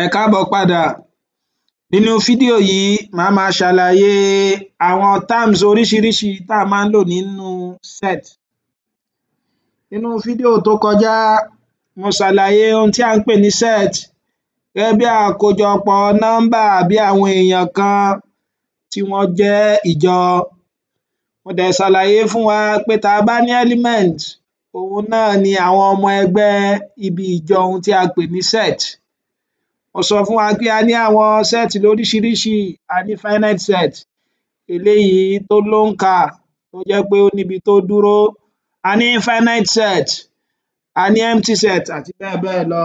Ẹ káàbọ̀ padà, nínú fídíò yìí màá ma ṣàlàyé àwọn terms oríṣiríṣi tá a máa ń lò nínú set. Nínú fídíò tó kọjá mo ṣàlàyé ohun tí à ń pè ní set gẹ́gẹ́ bí àkójọpọ̀ nọ́ḿbà àbí àwọn èèyàn kan tí wọ́n jẹ́ ìjọ. Mo dẹ̀ ṣàlàyé fún wa pé tá bá ní element òhun náà ni àwọn ọmọ ẹgbẹ́ ibi ìjọ ohun tí a pè ní set. Mo sọ fún wa pé a ní àwọn set lóríṣiríṣi, a ní finite set eléyìí tó lóǹkà tó jẹ́ pé ó níbi tó dúró, a ní infinite set, a ní empty set àti bẹ́ẹ̀ bẹ́ẹ̀ lọ.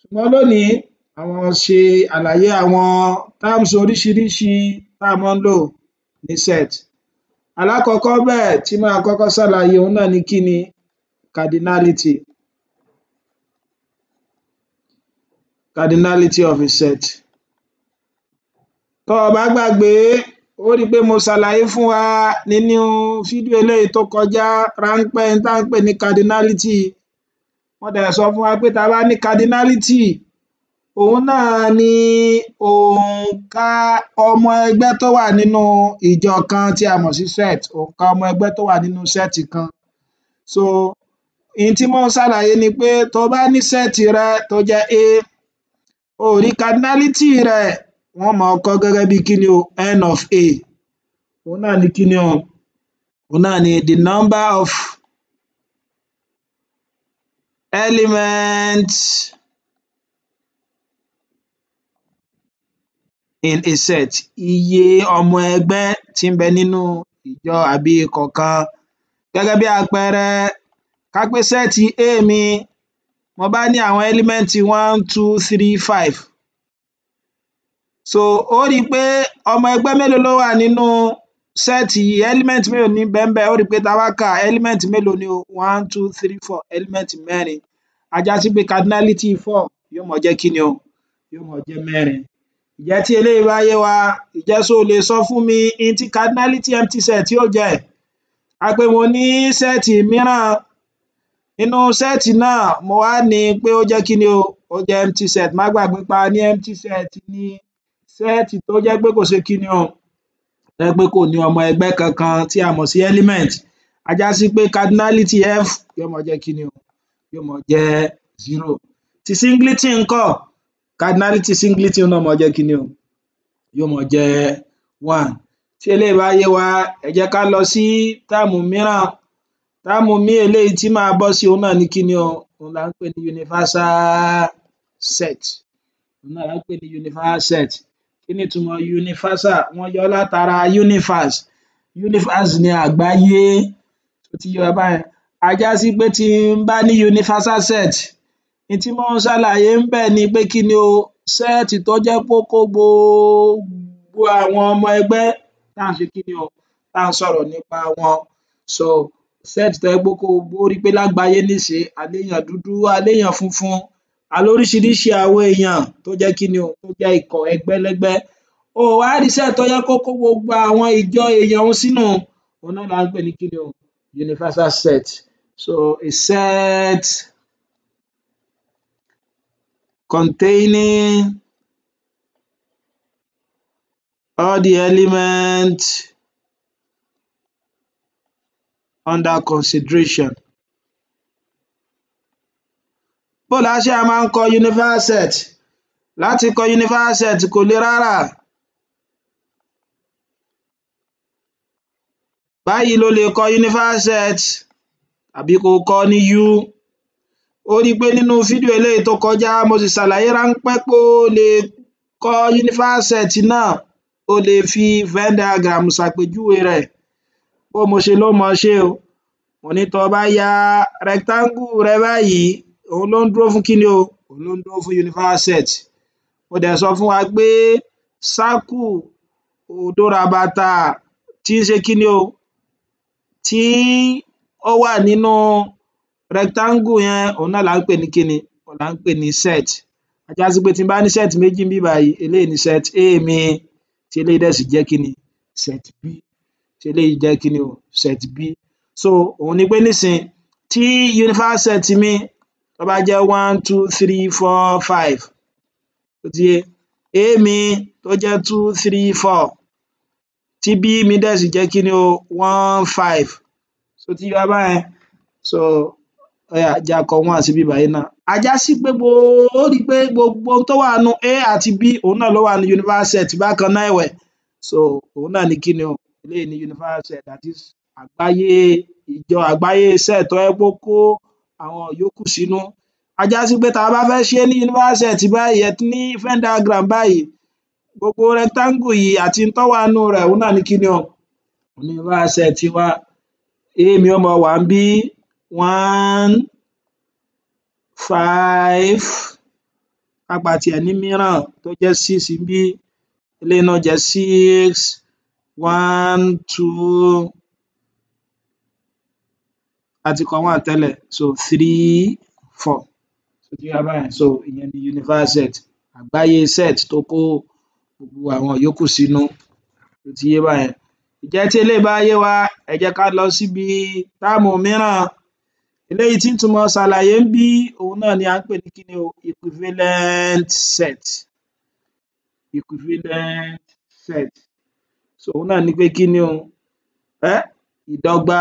Ṣùgbọ́n lónìí a máa ṣe àlàyé àwọn terms oríṣiríṣi tá a máa ń lò ní set. Alákọ̀ọ́kọ́ ńbẹ̀ tí máa kọ́kọ́ ṣàlàyé òhun náà ni kíni cardinality. cardinality of a set. Tó o bá gbàgbé ó rí i pé mo ṣàlàyé fún wa nínú fídíò eléyìí tó kọjá ráńpẹ́ ohun ní cardinality wọ́n dẹ̀ sọ fún wa pé tá bá ní cardinality òun náà ni òǹkà ọmọ ẹgbẹ́ tó wà nínú ìjọ kan tí a mọ̀ sí set òǹkà ọmọ ẹgbẹ́ tó wà nínú set kan so ohun tí mò ń ṣàlàyé ni pé tó o bá ní set rẹ tó jẹ́ A Originality rẹ̀ wọ́n máa kọ́ gẹ́gẹ́ bí kíni o n of a òun náà ni kíni o òun náà ni the number of elements in a set iye ọmọ ẹgbẹ́ tí ń bẹ nínú ìjọ àbí ikọ̀ kan gẹ́gẹ́ bí àpẹẹrẹ ká pé A mi wọ́n bá ní àwọn ẹ́límẹ́ǹtì one two three five so ó rí i pé ọmọ ẹgbẹ́ mélòó ló wà nínú sẹ́ẹ̀tì yìí ẹ́límẹ́ǹtì mélòó ní bẹ́ẹ̀ ó rí i pé tá a bá kà ẹ́límẹ́ǹtì mélòó ni o one two three four ẹ́límẹ́ǹtì mẹ́rin a já sí pé cardinality four yóò mọ jẹ́ kí ni o yóò mọ jẹ́ mẹ́rin ǹjẹ́ tí eléyìí bá yé wa ǹjẹ́ ṣó lè sọ fún mi n tí cardinality empty set yóò jẹ́ a pé mo ní sẹ́ẹ̀tì mìíràn Nínú sẹ́ẹ̀tì náà mo wá ní pé ó jẹ́ kíni o, ó jẹ́ empty set, má gbàgbé pé a ní empty set ni sẹ́ẹ̀tì tó jẹ́ pé kò ṣe kíni o, tó jẹ́ pé kò ní ọmọ ẹgbẹ́ kankan tí a mọ̀ sí element, a sí pé cardinality F yó máa jẹ́ kíni o, yó máa jẹ́ zero. Ti singleton ńkọ́? Cardinality singleton náà máa jẹ́ kíni o, yó máa jẹ́ one. Tí eléyìí bá yé wa, ẹ jẹ́ ká lọ sí táàmù mìíràn táàmù míì eléyìí tí màá bọ́ sí òhun náà ni kíni o òhun là ń pè ní universal set òhun náà là ń pè ní universal set kí ni ìtumọ̀ universal wọ́n yọ ọ́ látara universe universe ni àgbáyé tó ti yé wa báyẹn a já sí pé tí n bá ní universal set n tí mò ń ṣàlàyé ńbẹ̀ ni pé kí ni o sẹ́ẹ̀tì tó jẹ́ pé gbogbo àwọn ọmọ ẹgbẹ́ tá à ń ṣe kí ni o tá à ń sọ̀rọ̀ nípa wọn so set tó jẹ́ pé kó o rí pé lágbàáyé nísìnyí a léèyàn dúdú, a léèyàn funfun, a lóríṣiríṣi àwọn èèyàn tó jẹ́ kíni o, tó jẹ́ ikọ̀ ẹgbẹ́lẹ́gbẹ́. O ò wá rí tó jẹ́ pé gbogbo àwọn ìjọ èèyàn un sínú un, náà là ń pè ní kíni o universal set. So a set containing all the elements under consideration. Bó la ṣe á máa ń kọ universal set? Láti kọ universal kò le rárá. Báyìí lo lè kọ universal set àbí ko kọ ní U. Ó rí i pé nínú fídíò eléyìí tó kọjá mo sì ṣàlàyé ráńpẹ́ pé o lè kọ universal set náà o lè fi Venn diagram ṣàpèjúwe rẹ̀ bó mo ṣe ló mọ ṣe o mo ní tó bá ya rectangle rẹ báyìí òun ló ń dúró fún kíni o òun ló ń dúró fún universal set mo dẹ̀ sọ fún wa pé circle òdo ràbàtà tí ń ṣe kíni o tí ó wà nínú rectangle yẹn òun náà là ń pè ní kíni òun là ń pè ní set a já sí pé tí n bá ní set méjì níbí báyìí eléyìí ni set A mi tí eléyìí dẹ̀ sì jẹ́ kíni set B so eléyìí jẹ́ kíni o set B so òun ni pé nísìn tí universal set mi tó bá jẹ́ one two three four five ó ti yé A mi tó jẹ́ two three four tí B mi dẹ̀ sì jẹ́ kíni o one five so ti yọ báyẹn so ọyà jẹ́ akọ one sí bíbá yìí náà ajá sí pé ó rí pé gbogbo tó wà nù A àti B òun náà ló wà ní universal set bákan náà ẹ̀wẹ̀ so òun náà ni kíni o eléyìí ni universal set that is àgbáyé ìjọ àgbáyé set tó jẹ́ pé ó kó àwọn yòókù sínú ajá sí pé tá a bá fẹ́ ṣe ní universal set báyìí ní Venn diagram báyìí gbogbo rectangle yìí àti n tó wà rẹ̀ òun náà ni o universal set wa a mi ó máa wà níbí one five ká gba tiẹ̀ ní mìíràn tó jẹ́ six níbí eléyìí náà jẹ́ six one two a ti kọ one tẹ́lẹ̀ so three four ti yé báyẹn so ìyẹn ni universe set àgbáyé set tó kó gbogbo àwọn yòókù sínú ó ti yé báyẹn ǹjẹ́ tí eléyìí bá yé wa ẹ jẹ́ ká lọ síbi táàmù mìíràn eléyìí tí ń túmọ̀ ṣàlàyé ń bí òun náà ni à ń pè ní kíni o equivalent set equivalent set so òhun náà ni pé kí ni o um ìdọ́gba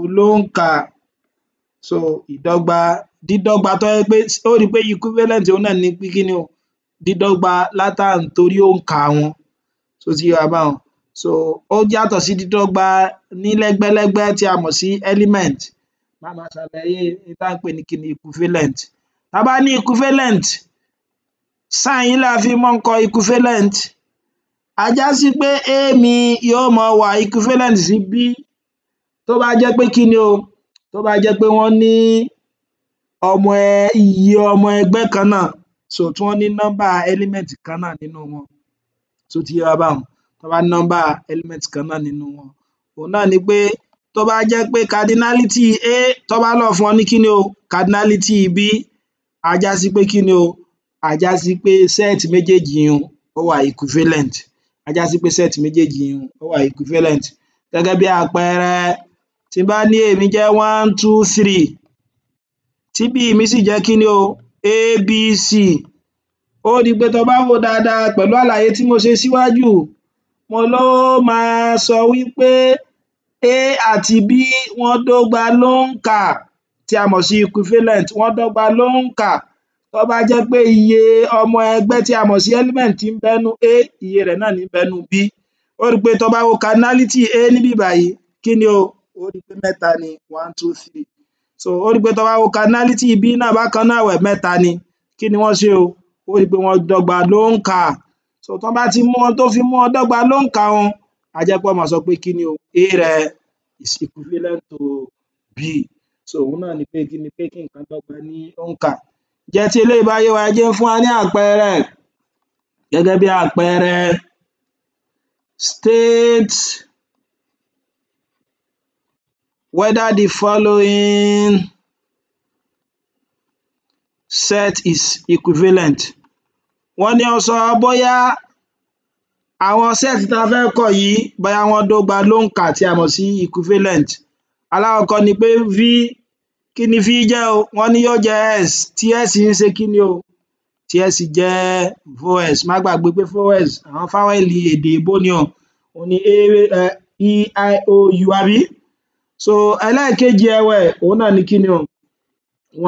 olóǹkà so ìdọ́gba dídọ́gba tó jẹ́ pé ó ri pé equivalent òhun náà ni pé kí ni o dídọ́gba látàntorí òǹkà wọn ṣó ti yé wa báhun so ó yàtọ̀ sí dídọ́gba ní lẹ́gbẹ́lẹ́gbẹ́ tí a mọ̀ sí element ma ma ṣàlàyé n tá ń pè ní kí ni equivalent tá bá ní equivalent sign yìí la fi mọ́ ń kọ equivalent a sí pé A mi yóò máa wà equivalent sí B tó bá jẹ́ pé kí ni o tó bá jẹ́ pé wọ́n ní ọmọ iye ọmọ ẹgbẹ́ kan náà so tí wọ́n ní nọ́mbà element kan náà nínú wọn tó ti yé wa báhun tán bá nọ́mbà element kan náà nínú wọn òhun náà ni pé tó bá jẹ́ pé cardinality A tán bá lọ̀ fún ọ ní kí ni o cardinality B á já sí pé kí ni o á já sí pé sẹ́ẹ̀tì méjèèjì un ó wà equivalent á jásí pé set méjéèjì un ó wà equivalent. Gẹ́gẹ́ bí àpẹẹrẹ tí bá ní èmi jẹ́ one two three tí b mi sì jẹ́ kíni o abc ó di pé tó bá wò ó dáadáa pẹ̀lú àlàyé tí mo ṣe síwájú mo ló máa sọ wí a àti b wọ́n dọ́gba ló ń kà tí a mọ̀ sí equivalent wọ́n dọ́gba ló ń kà tó bá jẹ́ pé iye ọmọ ẹgbẹ́ tí a mọ̀ sí element ń bẹ A iye rẹ̀ náà ní ń B ó rí i pé tó bá wo cardinality A níbí báyìí kí ni o ó rí i pé mẹ́ta ni one two three so ó rí i pé tó bá wo cardinality B náà bákan náà wẹ̀ mẹ́ta ni kí ni wọ́n ṣe o ó rí i pé wọ́n dọ́gba ló ń kà so tó bá ti mú wọn tó fi mú wọn dọ́gba ló ń kà wọn a jẹ́ sọ pé kí ni o A rẹ̀ is equivalent to B so òun náà ni pé kí ni pé kí nǹkan dọ́gba ní òǹkà Ǹjẹ́ tí eléyìí bá wa jẹ́ fún wa ní àpẹẹrẹ gẹ́gẹ́ bí àpẹẹrẹ state whether the following set is equivalent wọ́n ní ó sọ bóyá àwọn set tá a fẹ́ kọ yìí bóyá wọ́n dọ́gba lóǹkà tí a mọ̀ sí equivalent alákọ̀ọ́kọ́ ni pé v kí ni fí jẹ́ o wọ́n ní yó jẹ́ s tí s ń ṣe kí ni o tí s jẹ́ vowels má gbàgbé pé vowels àwọn fáwẹ́lì èdè èbó ni o òun ni a e i o u àbí so ẹlẹ́ẹ̀kejì ẹ̀wẹ̀ òun náà ni kí ni o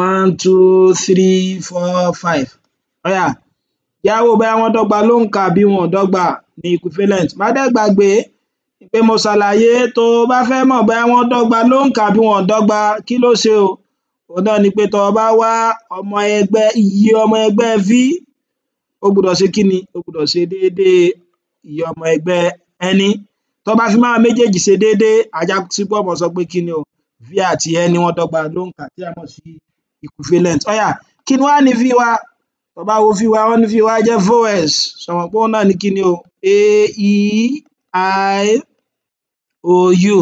one two three four five ó yá jẹ́ á wò bóyá wọ́n dọ́gba lóǹkà wọn ò dọ́gba ní equivalent má dẹ̀ pé mo ṣàlàyé tó o bá fẹ́ mọ̀ bóyá wọ́n dọ́gba lóǹkà àbí wọn ò dọ́gba kí ló ṣe o òun náà ni pé tó o bá wá ọmọ ẹgbẹ́ iye ọmọ ẹgbẹ́ v ó gbúdọ̀ ṣe kí ni ó gbúdọ̀ ṣe déédéé iye ọmọ ẹgbẹ́ ẹni tó bá fi máwọn méjèèjì ṣe déédéé a sì gbọ́dọ̀ sọ pé kí ni o v àti ẹni wọ́n dọ́gba lóǹkà tí a mọ̀ sí equivalent ó kí ni wá ní v wa tó bá wo v wa wọ́n ní v wa jẹ́ vowels sọ pé òun náà ni kí ni o a e i o u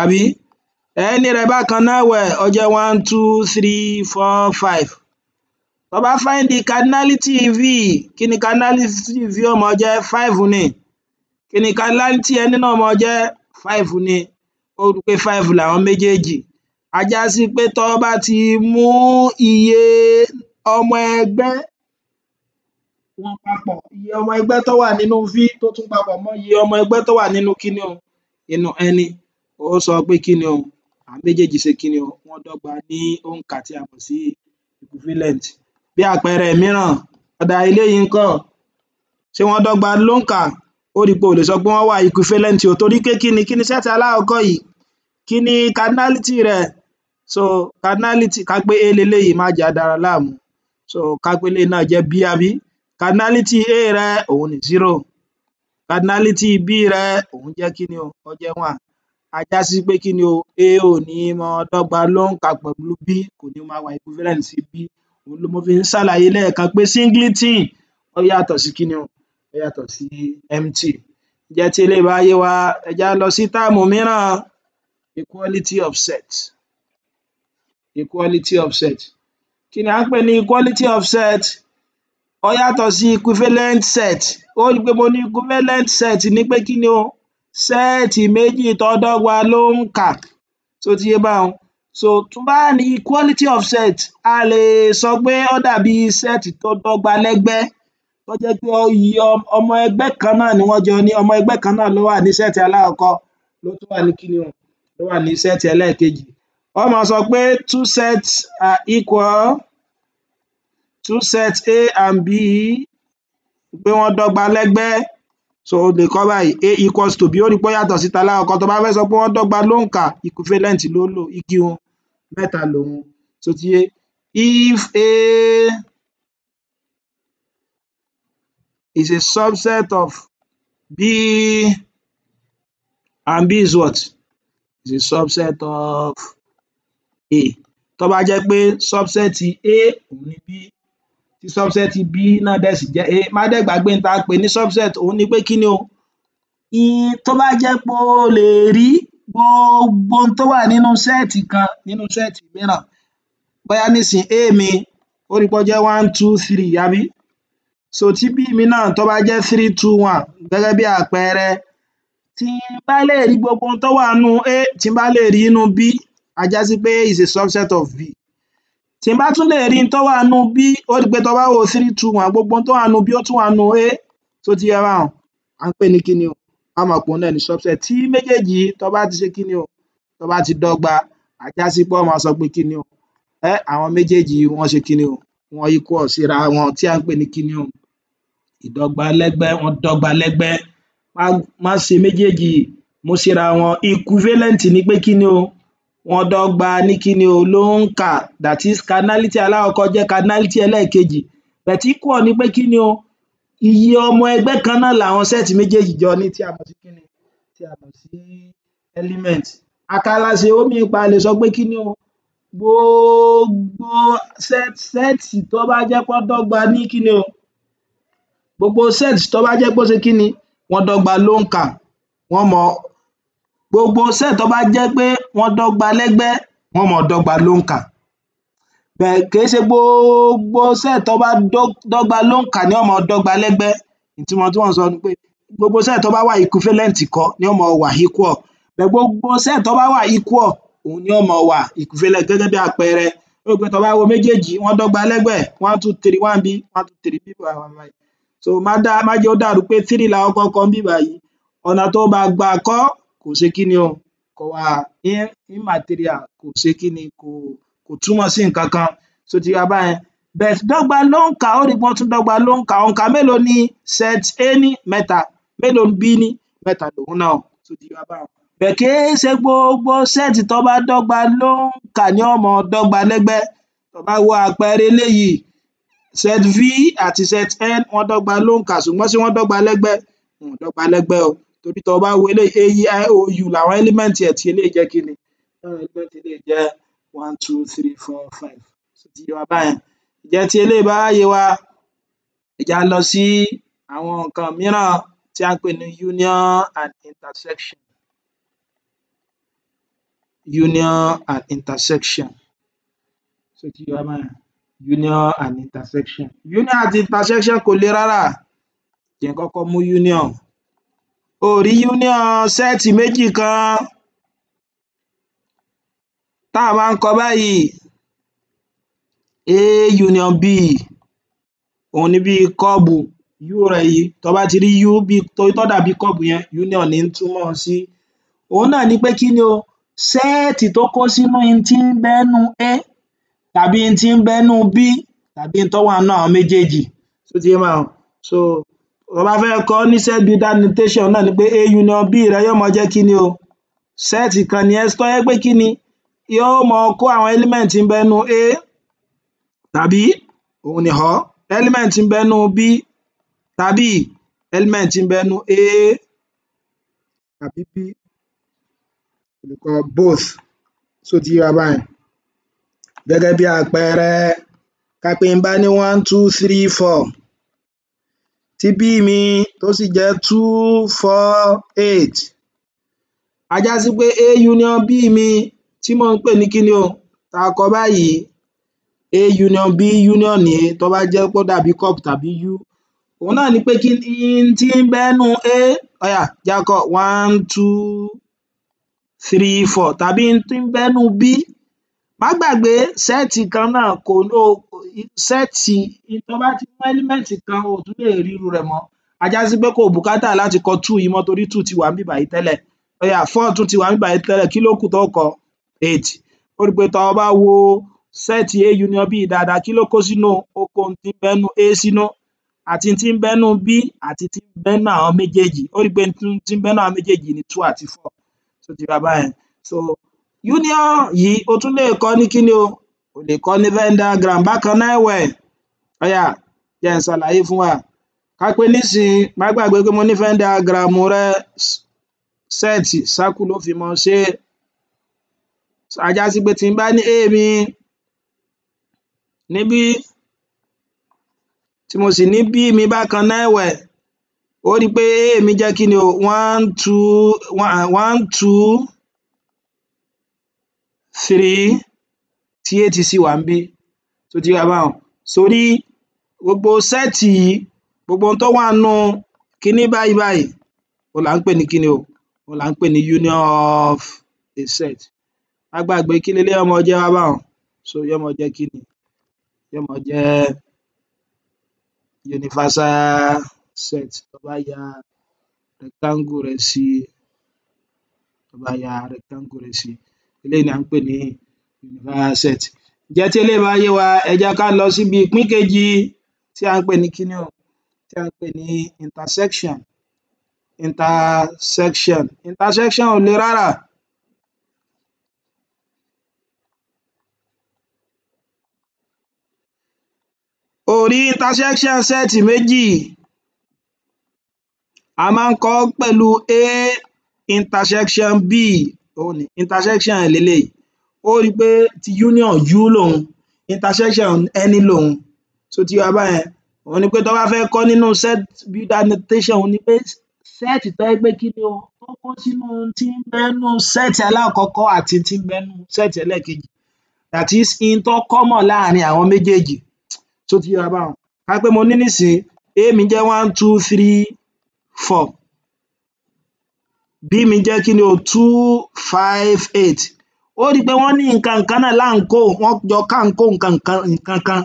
àbí ẹní rẹ̀ bákan náà ẹ̀wẹ̀ ó jẹ́ one two three four five tó bá find the cardinality v kí ni cardinality v ó jẹ́ five ni kí ni cardinality ẹni náà máa jẹ́ five ni ó rí pé five làwọn méjèèjì a já sí pé tó bá ti mú iye ọmọ ẹgbẹ́ wọn papọ̀ iye ọmọ ẹgbẹ́ tó wà nínú v tó tún papọ̀ mọ́ iye ọmọ ẹgbẹ́ tó wà nínú kíni o inú n ó sọ pé kíni o àwọn méjèèjì ṣe kíni o wọ́n dọ́gba ní òǹkà tí a mọ̀ sí equivalent bí àpẹẹrẹ mìíràn ọ̀dà eléyìí ńkọ́ ṣé wọ́n dọ́gba lóǹkà ó rí pé o lè sọ pé wọ́n wà equivalent o torí pé kíni kíni iṣẹ́ ti alákọ̀ọ́kọ́ yìí kíni cardinality rẹ̀ so cardinality ká pé a leléyìí má jẹ́ á dara láàmú so ká pé eléyìí náà jẹ́ b àbí cardinality A rẹ òhun ni zero cardinality B rẹ òhun jẹ́ kíni o ó jẹ́ one a já sí pé kíni o A ò ní máa dọ́gba lóǹkà pẹ̀lú B kò ní máa wà equivalent sí B òhun ni mo fi ń ṣàlàyé lẹ́ẹ̀kan pé singleton ó yàtọ̀ sí kíni o ó yàtọ̀ sí empty ǹjẹ́ tí eléyìí bá yé wa ẹ jẹ́ lọ sí táàmù mìíràn equality of set equality of set kí ni à ń pè ní equality of set ó yàtọ̀ sí equivalent set ó rí i pé mo ní equivalent set ní pé kí ni o sẹ́ẹ̀tì méjì tó dọ́gba ló ń kà tó ti yé báwọn so tó bá ní equality of set a lè sọ pé ó dàbí sẹ́ẹ̀tì tó dọ́gba lẹ́gbẹ́ tó jẹ́ pé iye ọmọ ẹgbẹ́ kan náà ni wọ́n jọ ní ọmọ ẹgbẹ́ kan náà ló wà ní sẹ́ẹ̀tì alákọ̀ọ́kọ́ ló tún wà ní kí ni o ló wà ní sẹ́ẹ̀tì ẹlẹ́ẹ̀kejì wọ́n máa sọ pé two sets are equal two sets A and B pé wọ́n dọ́gba lẹ́gbẹ́ so o lè kọ báyìí A equals to B ó rí pé ó yàtọ̀ síta alákọ̀ọ́kọ́ tó bá fẹ́ sọ pé wọ́n dọ́gba lóǹkà equivalent ló lò igi hun mẹ́ta lòun tó ti yé if A is a subset of B and B is what is a subset of A tó bá jẹ́ pé subset A òun ni B tí subset b náà dẹ̀ sì jẹ́ a má dẹ̀ ta pè ní subset òun ni pé kí ni o tó bá jẹ́ pé o lè rí gbogbo ohun tó wà nínú sẹ́ẹ̀tì kan nínú sẹ́ẹ̀tì mìíràn bóyá nísìnyí a mi ó rí pé jẹ́ one two three àbí so tí b mi náà tó bá jẹ́ three two one gẹ́gẹ́ bí àpẹẹrẹ tí n bá lè rí gbogbo ohun tó wà nínú a tí n bá lè rí inú b a sí pé is a subset of b tí n bá tún lè rí tó wà nú b ó rí pé tó bá three two one gbogbo tó wà nú ó tún wà a tó ti yẹ báwọn à ń pè ní kíni o a mọ̀ pé òun náà ní subset tí méjèèjì tó bá ti ṣe kíni o tó bá ti dọ́gba a já sí pé wọ́n máa sọ pé kíni o ẹ́ àwọn méjèèjì wọ́n ṣe kíni o wọ́n equal síra wọn tí à ń pè ní kíni o ìdọ́gbalẹ́gbẹ́ wọ́n dọ́gbalẹ́gbẹ́ má ṣe méjèèjì mú síra wọn equivalent ni pé kíni o wọ́n dọ́gba ní kíni o ló ń kà that is cardinality alákọ̀ọ́kọ́ jẹ́ cardinality ẹlẹ́ẹ̀kejì but equal ni pé kíni o iye ọmọ ẹgbẹ́ kan náà làwọn sẹ́ẹ̀tì méjèèjì jọ ní tí a mọ̀ sí kíni tí a mọ̀ sí element àkàlàṣe omi ipa lè sọ pé kíni o gbogbo sẹ́ẹ̀tì tó bá jẹ́ pọ́n dọ́gba ní kíni o gbogbo sẹ́ẹ̀tì tó bá jẹ́ pé ó ṣe kíni wọ́n dọ́gba ló ń kà wọ́n mọ Gbogbo iṣẹ́ tó bá jẹ́ pé wọ́n dọ́gba lẹ́gbẹ́ wọ́n máa dọ́gba lóǹkà. Kì í ṣe gbogbo iṣẹ́ tó bá dọ́gba lóǹkà ni wọ́n máa dọ́gba lẹ́gbẹ́. Ìtumọ̀ ohun tí mò ń sọ ni pé gbogbo iṣẹ́ tó bá wà equivalent kọ́ ni yóò máa wà equal. Gbogbo iṣẹ́ tó bá wà equal òun ni yóò máa wà equivalent gẹ́gẹ́ bí àpẹẹrẹ tó bá wo méjèèjì wọ́n dọ́gba lẹ́gbẹ́ one two three one níbí one two three níbí so má jẹ́ ó dàrú pé three la kọ́kọ́ kọ níbí báyìí ọ̀nà to gbà kọ kò ṣe kíni o kò wà immaterial kò ṣe kíni kò kò túmọ̀ sí nǹkan kan ṣó ti yé wa báyẹn but dọ́gba ló ń kà á ó rí i pé wọ́n tún dọ́gba ló ń kà á òǹkà mélòó ni set A ní mẹ́ta mélòó ni B ní mẹ́ta lòun náà ṣó ti yé wa báyẹn but kì í ṣe gbogbo set tó bá dọ́gba ló ń kà ní ó máa dọ́gba lẹ́gbẹ́ tó bá wo àpẹẹrẹ eléyìí set V àti set N wọ́n dọ́gba ló ń kà ṣùgbọ́n ṣé wọ́n dọ́gba lẹ́gbẹ́ wọn ò dọ́gba lẹ́gbẹ́ o torí tó o bá wo eléyìí a e i o u làwọn element ẹ̀ tí eléyìí jẹ́ kí ni láwọn element eléyìí jẹ́ one two three four five So ti yé wa báyẹn. Ǹjẹ́ tí eléyìí bá wá yé wa ẹ jẹ́ á lọ sí àwọn nǹkan mìíràn tí à ń pè ní union and intersection union and intersection So ti yé wa báyẹn union and intersection union àti intersection kò le rárá jẹ́ n kọ́kọ́ mú union. o rí union sẹ́ẹ̀tì méjì kan tá a bá ń kọ báyìí a union b òun ni bíi kọ́ọ̀bù u rẹ̀ yìí tó bá ti rí u bíi tó dàbí kọ́ọ̀bù yẹn union ní ń túmọ̀ sí òun náà ni pé kí ni o sẹ́ẹ̀tì tó kó sínú n tí ń bẹ a tàbí n tí ń bẹ b tàbí n tó wà nínú àwọn méjèèjì ṣó ti yé báyẹn so tó bá fẹ́ kọ ní set builder notation náà ni pé a union b rẹ yóò mọ jẹ́ kí ni o set kan ni s tó jẹ́ pé kí ni yóò mọ kó àwọn element ń bẹ a tàbí òun ni họ element ń bẹ b tàbí element ń bẹ nú a tàbí b olùkọ́ both so ti yíra báyìí gẹ́gẹ́ bí àpẹẹrẹ ká pé n bá ní one two three four Síbí mi tó sì jẹ́ two four eight á já sí pé A union B mi tí mò ń pè ní kíni o tá a kọ báyìí A union B union ni. tó bá jẹ́ pé ó dàbí cup tàbí U òhun náà ni pé n tí ń bẹ nínú A Oya yá one two three four tàbí n tí ń bẹ nínú B Má gbàgbé sẹ́ẹ̀tì kan náà kò o sẹ́ẹ̀tì tó bá ti mú kan o ò tún lè ríru rẹ rẹ̀ mọ́ sí pé kò bùkátà láti kọ yìí torí ti wà níbí báyìí tẹ́lẹ̀ four tún ti wà níbí báyìí tẹ́lẹ̀ kí ló kù tó kọ eight ó o bá wo sẹ́ẹ̀tì a union b dáadáa kí ló kó sínú oko ń a sínú àti ń bẹ union yìí o tún lè kọ ní kíni o o lè kọ ní venn diagram bákan náà ẹ̀wẹ̀ ọ̀yà jẹ́ n ṣàlàyé fún wa ká pé nísìnyí má gbàgbé pé mo ní venn diagram rẹ set circle ló fi mọ ṣe ajá sí pé tí n bá ní a mi níbí tí mo sì ní b mi bákan náà ẹ̀wẹ̀ ó rí i pé a jẹ́ kíni o one two one two three tí eight sì wà níbí tó ti yé wa báhun sórí gbogbo sẹ́ẹ̀tì yìí gbogbo ohun tó wà nínú kiní báyìí báyìí òhun là ń pè ní kíni o òhun là ń pè ní union of a set má gbàgbé kí leléyìí yóò máa jẹ́ wá báhun so yóò máa jẹ́ kíni yóò máa jẹ́ universal set tó bá ya rectangle rẹ̀ sí tó bá ya rectangle rẹ̀ sí eléyìí ni à ń pè ní universal set. Ǹjẹ́ tí eléyìí bá yé wa ẹ jẹ́ ká lọ síbi ìpín kejì tí à ń pè ní kíni o tí à ń pè ní intersection intersection intersection ò le rárá. O rí intersection set méjì a máa ń kọ pẹ̀lú A intersection B òun ni intersection leléyìí ó rí pé ti union u lòun intersection any lòun So ti wá báyẹn òun ni pé tó bá fẹ́ kọ́ nínú set builder notation òun ni pé set tó jẹ́ pé kí ni o ó kó sínú tí ń bẹ set alákọ̀ọ́kọ́ àti tí ń bẹ nínú set ẹlẹ́ẹ̀kejì that is in tó common láàárín àwọn méjèèjì tó ti yé wa báwọn ká pé mo ní nísìnyí a mi jẹ́ one two three four bí mi jẹ́ kí ni o two five eight ó rí i pé wọ́n ní nǹkan kan náà là ń kó wọ́n jọ ká ń kó nǹkan kan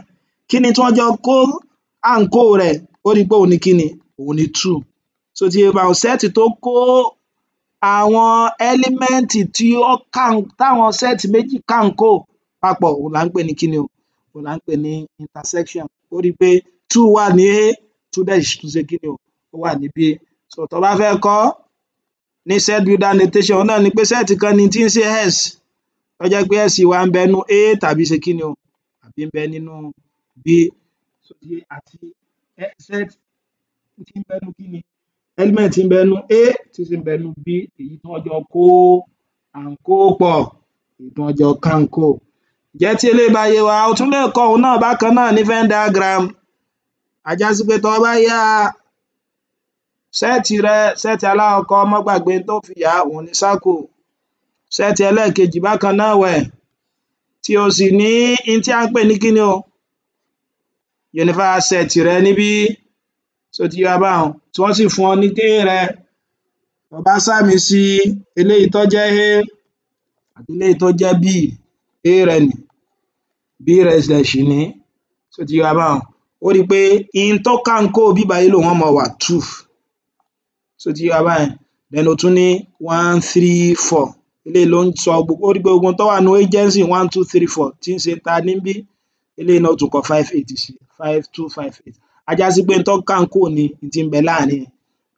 kí ni tí wọ́n jọ kó à ń kó rẹ̀ ó rí i pé òun ni kí ni òun ni two so ti bá wọn sẹ́ẹ̀tì tó kó àwọn ẹ́límẹ́ǹtì tí ó ká táwọn sẹ́ẹ̀tì méjì ká ń kó papọ̀ òun là ń pè ní kí ni o òun là ń pè ní intersection ó rí pé two wà ní A two dẹ̀ tún ṣe kí ni o ó wà ní B so tó bá fẹ́ kọ́ ní set builder notation òun náà ni pé set kan ni tí ń ṣe s tó jẹ́ pé s wa ń bẹ nínú a tàbí ṣe kí ni o àbí ń bẹ nínú b àti e, set tí ń bẹ nínú kí ni element tí ń bẹ nínú a tí ń bẹ nínú b èyí tí wọ́n jọ kó àǹkó pọ̀ èyí tí wọ́n jọ kánkó jẹ́ tí eléyìí bá yé wa o tún lè kọ òun náà bákan náà ní Venn diagram ajá sí pé tó bá yá a Sẹ́ẹ̀tì rẹ, sẹ́ẹ̀tì alákọ̀ọ́kọ́ má gbàgbé ohun tó fi yà á òhun ni sákò. Sẹ́ẹ̀tì ẹlẹ́ẹ̀kejì bákan náà ẹ̀wẹ̀ tí o sì ní ohun tí à ń pè ní kíni o? Universal set rẹ níbí, ṣó ti yé wa báhun tí wọ́n sì fún ọ ní K rẹ, tó bá sàmì sí eléyìí tó jẹ́ A àti eléyìí tó jẹ́ B, A rẹ nìí, B rẹ dẹ̀ sì nìí, ṣó ti yé wa báhun, ó ri pé ohun tó kà ńkò ibí bàyìí lòun ó wà true ṣó ti yé wa báyẹn then o tún ní one three four eléyìí ló ń sọ gbogbo ó rí pé gbogbo tó wà nínú agency one two three four tí ń ṣe ta níbí eléyìí náà tún kọ five eight sí five two five eight ajá sí pé tó kà ń kò ní ti ń bẹ láàrin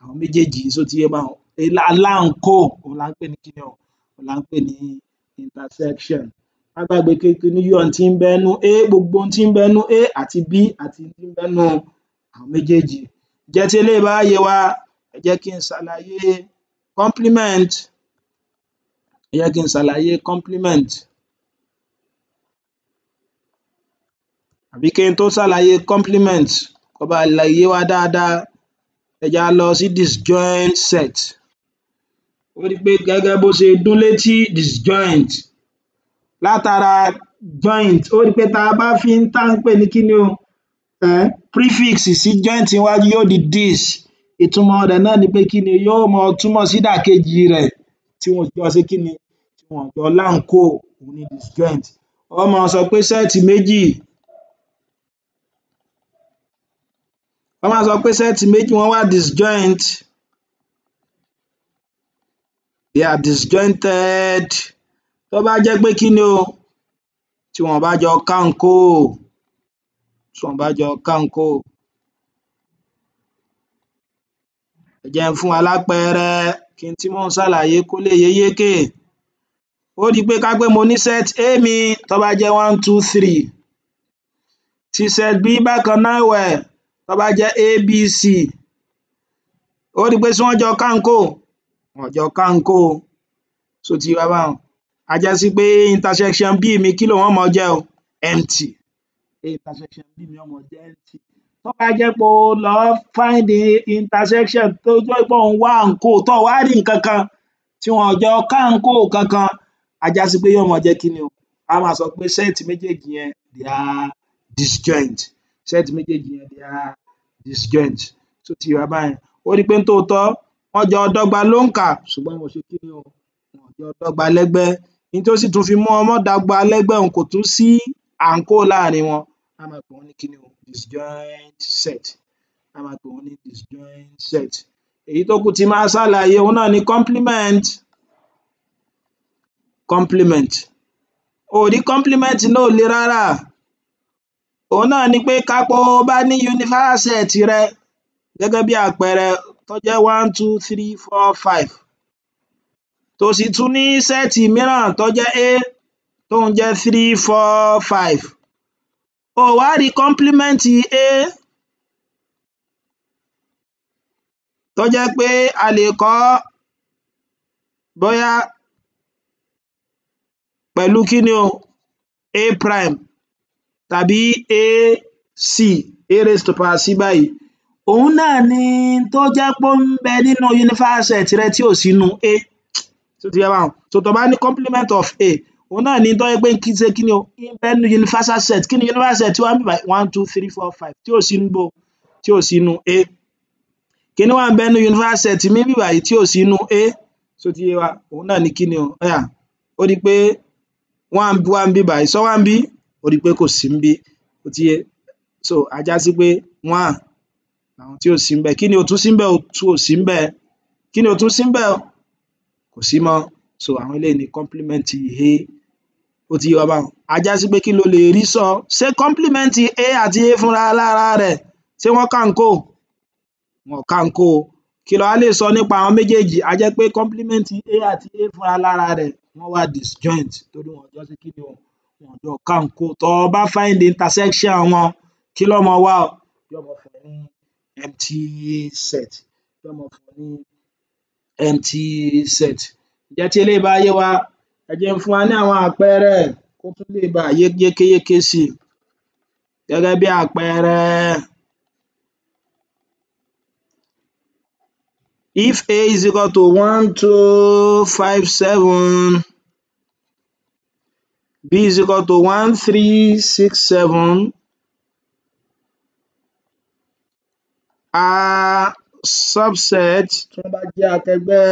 àwọn méjèèjì ṣó ti yé báwọn aláǹkó òun là ń pè ní kíni o òun là ń pè ní intersection má gbàgbé kékeré ní un tí ń bẹ nú a gbogbo ohun ń bẹ a àti b àti tí ń bẹ nú àwọn méjèèjì jẹ́ tí eléyìí bá yé wa ẹ jẹ́ kí n ṣàlàyé complement ẹ jẹ́ kí n ṣàlàyé complement àbí kí n tó ṣàlàyé complement kó bá lè yé wa dáadáa ẹ jẹ́ á lọ sí disjoint set ó rí i pé gẹ́gẹ́ bó ṣe dún létí disjoint látara joint ó rí i pé tá bá fi ń tá ń pè ní kíni o um prefix sí joint iwájú yóò di dis ìtumọ̀ rẹ̀ náà ni pé kíni yóò máa túmọ̀ sí ìdàkejì rẹ̀ tí wọn ò jọ ṣe kíni tí wọn jọ láǹkó òhun ni disjoint ó sọ pé ṣẹ́ẹ̀tì méjì ó sọ pé ṣẹ́ẹ̀tì méjì wọ́n wà disjoint they are disjointed tó bá jẹ́ pé kíni o tí wọn bá jọ káǹkó tí wọn bá jọ káǹkó. ẹ jẹ́ ń fún wa lápẹẹrẹ kí n tí mò ń ṣàlàyé kó lè yé yékè ó di pé ká pé mo ní set a mi tó bá jẹ́ one two three ti set b bákan náà wẹ̀ tó bá jẹ́ abc ó di pé sí wọ́n jọ kánkó wọ́n jọ kánkó so ti wá báwọn a jẹ́ sí pé intersection b mi kí lòun ọmọ jẹ́ o empty intersection b mi ọmọ jẹ́ empty tó bá jẹ́ pé o lọ find the intersection tó jẹ́ pé ò ń wá àǹkò tó wá rí nǹkan kan tí wọn ò jọ káǹkò kankan a já sí pé yóò máa jẹ́ kí ni o a máa sọ pé set méjèèjì yẹn they are disjoint set méjèèjì yẹn they are disjoint tó ti wá báyẹn ó rí i pé nítòótọ́ wọ́n jọ dọ́gba ló ń kà ṣùgbọ́n wọn ò ṣe kí ni o wọn ò jọ dọ́gba lẹ́gbẹ́ ní tó sì tún fi mú wọn mọ́ dọ́gba lẹ́gbẹ́ òun kò tún sí àǹkò láàrin wọn a máa pè wọ́n ní kíni o disjoint set a máa pè wọ́n ní disjoint set èyí tó kù tí máa ṣàlàyé òun náà ni complement complement òrí complement náà le rárá òun náà ni pé kápò bá ní universal set rẹ gẹ́gẹ́ bí àpẹẹrẹ tó jẹ́ one two three four five tó sì tún ní sẹ́ẹ̀tì mìíràn tó jẹ́ a tóun jẹ́ three four five o wá rí kọ́ńpílímẹ́ǹtì a tó jẹ́ pé a lè kọ bóyá pẹ̀lú kíni o a prime tàbí ac a raised to power c báyìí òun náà ni tó jẹ́ pé ó ń bẹ nínú universal rẹ tí ò sínú a tó ti yẹ báwọn so tó bá ní complement of a òun náà ní tó yẹ pé kí ṣe kí ni o ìbẹ́nu universal set kí ni universal set tí wọ́n ń bì báyìí one two three four five tí ò sí nú tí ò sí a kí ni wọ́n ń bẹ́nu universal set mi bì báyìí tí ò sí a tó ti yé wa òun náà ní kí ni o ẹ̀yà ó di pé one one bí báyìí sọ one bí ó di pé kò sí ń bí ó ti yé so a já sí pé one làwọn tí ò sí ń bẹ kí ni o tún sí ń bẹ o tún ò sí ń bẹ kí ni o tún sí ń bẹ kò sí mọ́ so àwọn eléyìí ni complement a ó ti yé wa báwọn ajá sí pé kí ló lè rí sọ ṣé complement a àti a fúnra lára rẹ̀ ṣé wọ́n kà ń kó wọn kà ń kó o kí ló wá lè sọ nípa àwọn méjèèjì a jẹ́ pé complement a àti a fúnra lára rẹ̀ wọ́n wà disjoint torí wọn jọ sí kí ni o wọn jọ kà ń kó tó o bá find intersection wọn kí ló mọ wá o yóò mọ fún ní empty set yóò mọ fún ní empty set ǹjẹ́ tí eléyìí bá yé wa ẹ jẹ́ ń fún wa ní àwọn àpẹẹrẹ kó tún lè baà yé yékéyéké sí gẹ́gẹ́ bí àpẹẹrẹ if a is equal to one two five seven b is equal to one three six seven a subset tí wọ́n bá jẹ́ akẹgbẹ́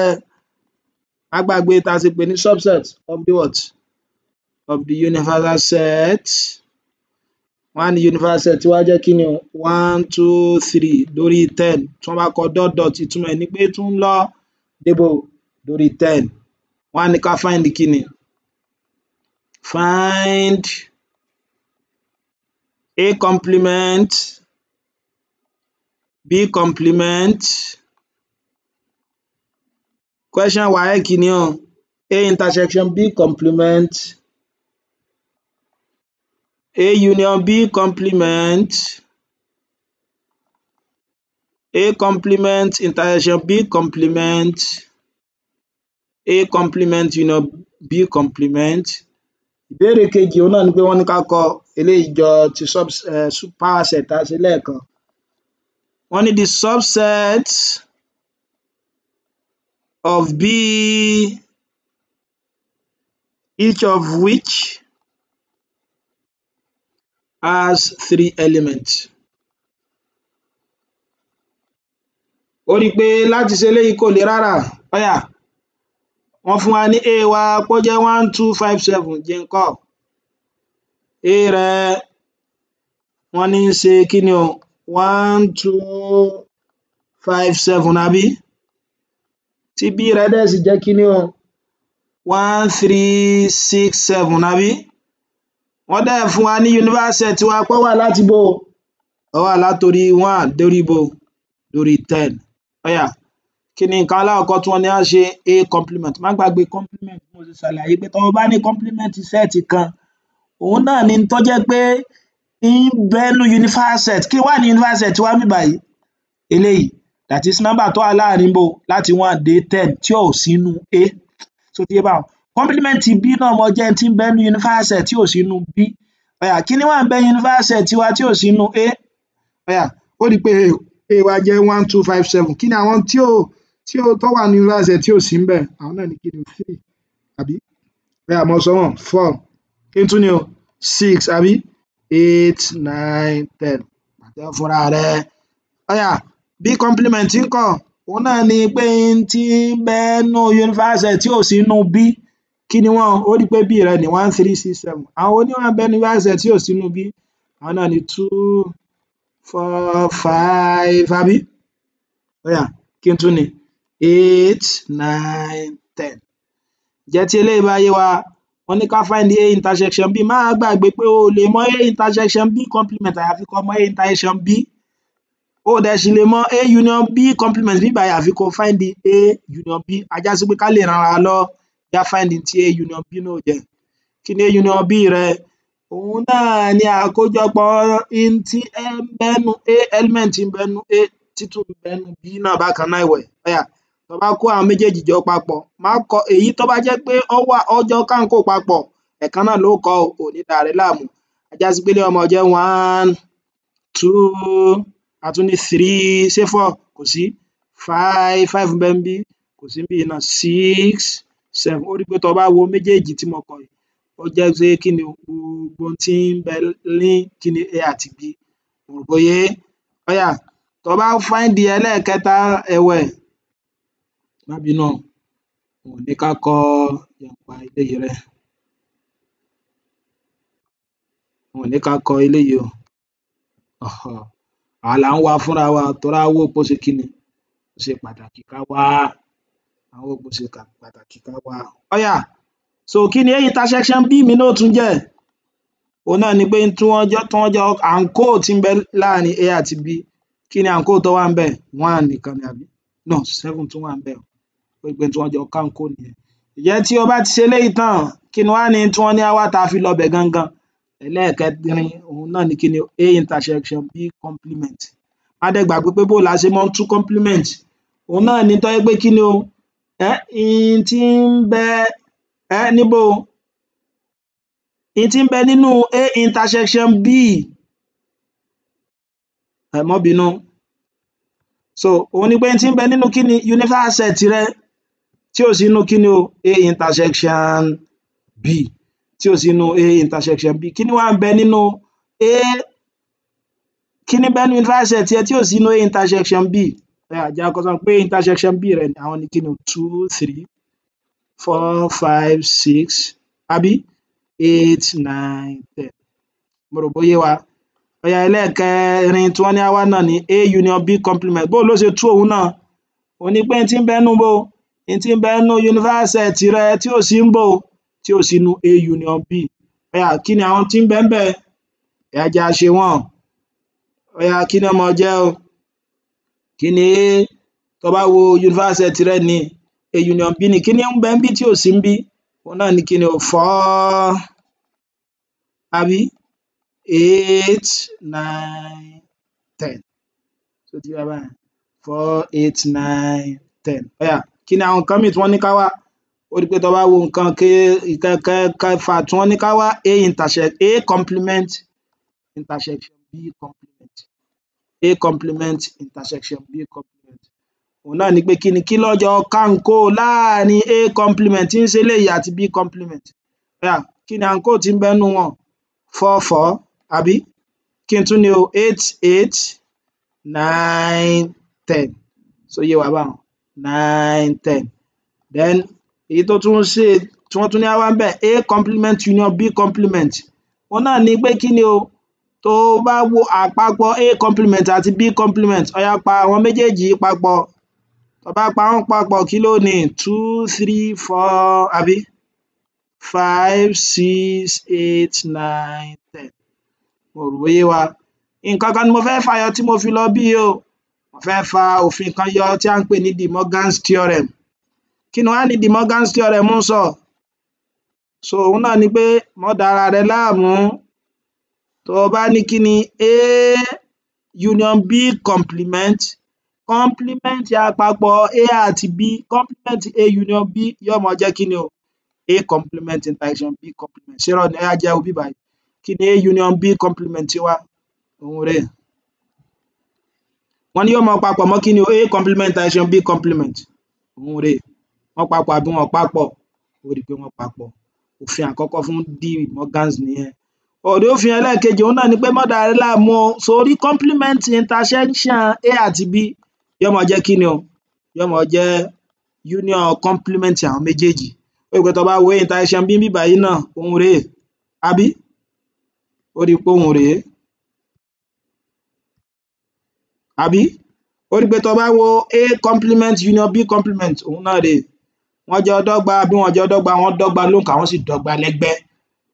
má gbàgbé tá a ti pè ní subset of the what of the universal set One universal set tí wọ́n jẹ́ kí ni o one two three dórí ten tí wọ́n bá kọ dot dot ìtumọ̀ ẹ̀ ni pé tún ń lọ débò dórí ten wọ́n á ní ká find kí ni find a complement b complement. Question wàhẹ́ kìíní o A intersection B complement A union B complement A complement intersection B complement A complement union B complement ìbéèrè kejì òhun náà ni pé wọ́n ní ká kọ eléyìí jọ ti um power set tá a ṣe lẹ́ẹ̀kan wọ́n ní the subset of B, each of which has three elements. Ó rí i pé láti ṣe eléyìí kò le rárá ó wọ́n fún wa ní A wa pó jẹ́ one two five seven jẹ́ n kọ́ A rẹ̀ wọ́n ní í ṣe kí ni o one two five seven àbí tí b rẹ̀ dẹ̀ sì jẹ́ kíní o one three six seven àbí wọ́n dẹ̀ fún wa ní universal tiwa pé wà láti bo ó wà látòrí one dórí bo lórí ten ọ̀yà kí ni nǹkan aláwọ̀kọ́ tí wọ́n ní á ṣe a complement má gbàgbé complement mo ti ṣàlàyé pé tọ́wọ́ bá ní complement set kan òun náà ni tó jẹ́ pé ń bẹ́nu universal set kí wà ní universal set wá bíbáyìí eléyìí that is number tó wà láàrin ibo láti one day ten tí ò sínú a tó ti yé báwọn complement b náà mo jẹ́ tí ń bẹ nínú universal set tí ò sínú b ọ̀yà kíní wà ń bẹ universal set tiwa tí ò sínú a ọ̀yà ó di pé a wa jẹ́ one two five seven kí ni àwọn tí ò tí ó tó wà ní universal tí ò sí ń bẹ àwọn náà ní kí ni three àbí ọ̀yà mo sọ wọn four kí n tún ni o six àbí eight nine ten àti fúnra rẹ̀ ọ̀yà. B complement ńkọ́ òun náà ni pé n tí ń bẹ nínú universal tí ò sí nínú B kí ni wọ́n ó rí i pé B rẹ ni one three six seven àwọn wo bẹ nínú universal tí ò sí nínú B àwọn náà ni two four five àbí óyá kí n tún ni eight nine ten ǹjẹ́ tí eléyìí bá yé wa wọ́n ní ká find A intersection B má gbàgbé pé o ò lè mọ A intersection B complement àyàfi kó o mọ A intersection B ó dẹ̀ ṣì lè mọ A union B complement bí báyìí àfi kó A union B a ka sí pé ká lè lọ já find A union B náà ó kí union B rẹ òun náà ni àkójọpọ̀ n bẹ́nu A element bẹ́nu A títún ń bẹ́nu B náà bákan náà ìwẹ̀ ọ̀yà tó bá kó àwọn méjèèjì jọ kọ èyí tó bá jẹ́ pé ó ọjọ́ papọ̀ ẹ̀kan náà ló kọ a tún ní three ṣé four kò sí five five ń bẹ níbí kò sí níbí yìí six seven ó rí i pé tó o bá wo méjèèjì tí mo kọ yìí ó jẹ́ pé kí ni o gbogbo tí ń bẹ ní kí ni a àti b mo rò bóyá ó tó o bá find ẹlẹ́ẹ̀kẹta ẹ̀wẹ̀ má bínú n ò ní ká kọ yànpa eléyìí rẹ́ n ní ká kọ eléyìí o àwa là ń wá fúnra wa torí àwa wò pé ó ṣe kí ni ó ṣe pàtàkì ká wá àwa wò ṣe pàtàkì ká wá. Óyá so kí ni a intersection B mi náà tún jẹ́ òun náà ni pé n tí wọ́n jọ tí wọ́n jọ àǹkóò tí ń bẹ láàrin A àti B kí ni àǹkóò tó wà ń bẹ̀ one nìkan ni àbí no seven tún wà ń bẹ̀ o pé tí wọ́n jọ ká àǹkóò nìyẹn. Ǹjẹ́ tí o bá ti ṣe eléyìí tán kí ni wá ni tí wọ́n ní á wá ta fi lọ bẹ̀ gangan Ẹlẹ́ẹ̀kẹrin òhun náà ni kíni A intersection B complement. Má dẹ̀ gbàgbé pé bóo la ṣe mọ́ ń tú complement òhun náà ni tó jẹ́ pé kíni o um n tí ń bẹ níbo n tí ń bẹ nínú A intersection B ẹ má bínú so òhun ni pé n tí ń bẹ nínú kíni universal set rẹ tí ò sí nínú kíni o A intersection B tí ò sínú A intersection B kí ni wá ń bẹ nínú A kí ni bẹ nínú intersection tiẹ̀ tí ò sínú A intersection B ẹ àjẹ́ akọ́sọ́ pé intersection B rẹ̀ àwọn ni kí ni two three four five six àbí eight nine ten mo rò bóyá wa ọ̀yà ẹlẹ́ẹ̀kẹrin tí wọ́n ní àwa náà ní A union B complement bó ló ṣe tú òun náà òun ni pé n ti ń bẹ́nu bó n ti ń bẹ́nu yunifásẹ̀tì rẹ tí ò sí ń bò tí ò sí A union B ọ̀yà kí ni àwọn tí ń bẹ ńbẹ̀ ọ̀yà ẹ jẹ́ á ṣe wọ́n kí ni wọ́n jẹ́ o kí ni A tó bá wo universal rẹ ni A union B ni kí ni ń bẹ níbí tí ò sí níbí òun náà ni kí ni o four àbí eight nine ten tó ti yé wa báyẹn four eight nine ten ọ̀yà kí ni àwọn nǹkan míì tí wọ́n ní ká wá ó rí i pé tó bá wo nǹkan kẹfà tí wọ́n ní ká wá a intersect a complement intersection b complement a complement intersection b complement òun náà ni pé kí ni kí lọ́jọ́ kánkó láàrin a complement tí ń ṣe eléyìí àti b complement kí ni àǹkó tí ń bẹ́nu wọn four four àbí kí n tún ní o eight eight nine ten so yé wa báwọn nine ten then èyí tó tún ṣe tí wọ́n tún ní wá ń a complement union b complement òun náà ni pé kí ni o tó bá wo àpapọ̀ a complement àti b complement ó pa àwọn méjèèjì papọ̀ tó bá pa wọ́n papọ̀ kí ló ní two three four àbí five six eight nine ten mo rò wóyé wa nǹkan kan ni mo fẹ́ fàyọ tí mo fi lọ bí o mo fẹ́ fa òfin kan yọ tí à ń pè ní De Morgan's theorem kí ni wá ni De Morgan's theorem ń sọ so òun náà ni pé má dara rẹ láàmú tó o bá ní kí ni A union B complement complement àpapọ̀ A àti B complement A union B yóò mọ jẹ́ kí ni o A complement interaction B complement ṣé irọ́ ni ó yá báyìí kí ni A union B complement tiwa òun rèé wọ́n ní yóò mọ papọ̀ mọ́ kí ni o A complement interaction B complement òun rèé wọ́n papọ̀ àbí wọn ò papọ̀ ó rí i pé wọ́n papọ̀ òfin àkọ́kọ́ fún D Morgans nìyẹn ọ̀rẹ́ òfin ẹlẹ́ẹ̀kejì òun náà ni pé mọ́dà rẹ láàmú o sórí complement intersection A àti B yóò máa jẹ́ kí ni o yóò máa jẹ́ union compliment àwọn méjèèjì ó rí pé tó bá wo intersection B bíbá yìí náà òun rèé àbí ó rí pé òun rèé àbí ó rí pé tó bá wo A compliment union B compliment òun náà rèé wọ́n jọ dọ́gba bí wọ́n jọ dọ́gba wọ́n dọ́gba lóǹkà wọ́n sì dọ́gba lẹ́gbẹ́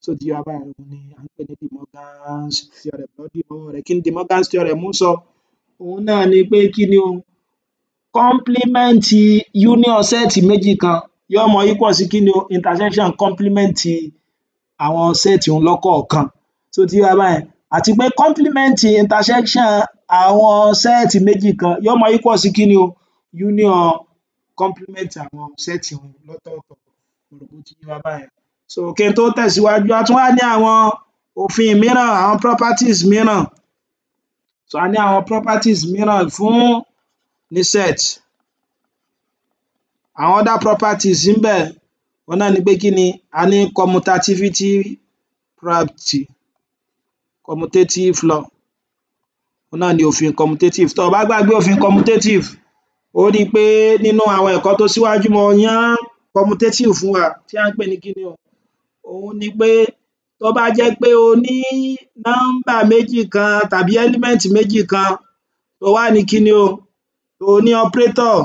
tó ti wá báyìí òun ni à ń pè ní De Morgan's theorem lọ́dí ọwọ́ rẹ̀ kí ni De Morgan's theorem ń sọ òun náà ni pé kí ni o kọ́ńplímẹ́ǹtì union sẹ́ẹ̀tì méjì kan yóò mọ equal sí kí ni o intersection kọ́ńplímẹ́ǹtì àwọn sẹ́ẹ̀tì òun lọ́kọ̀ọ̀kan tó ti wá báyìí àti pé kọ́ńplímẹ́ǹtì intersection àwọn sẹ́ẹ̀tì méjì kan yóò mọ equal sí kí ni o union Compliment àwọn set wọn lọ́tọ̀ọ̀tọ̀ mo rò pé ó ti yé wa báyẹn so kí n tó tẹ̀síwájú a tún wá ní àwọn òfin mìíràn àwọn properties mìíràn so a ní àwọn properties mìíràn fún ní set àwọn other properties ń bẹ òun náà ni pé kí ni a ní commutativity property commutative law òun náà ni òfin commutative tó o bá gbàgbé òfin commutative ó rí i pé nínú àwọn ẹ̀kọ́ tó síwájú mo yán commutative fún wa tí à ń pè ní kíni o òun ni pé tó bá jẹ́ pé o ní nọ́mbà méjì kan tàbí ẹ́límẹ́ǹtì méjì kan tó wà ní kíni o tó ní operator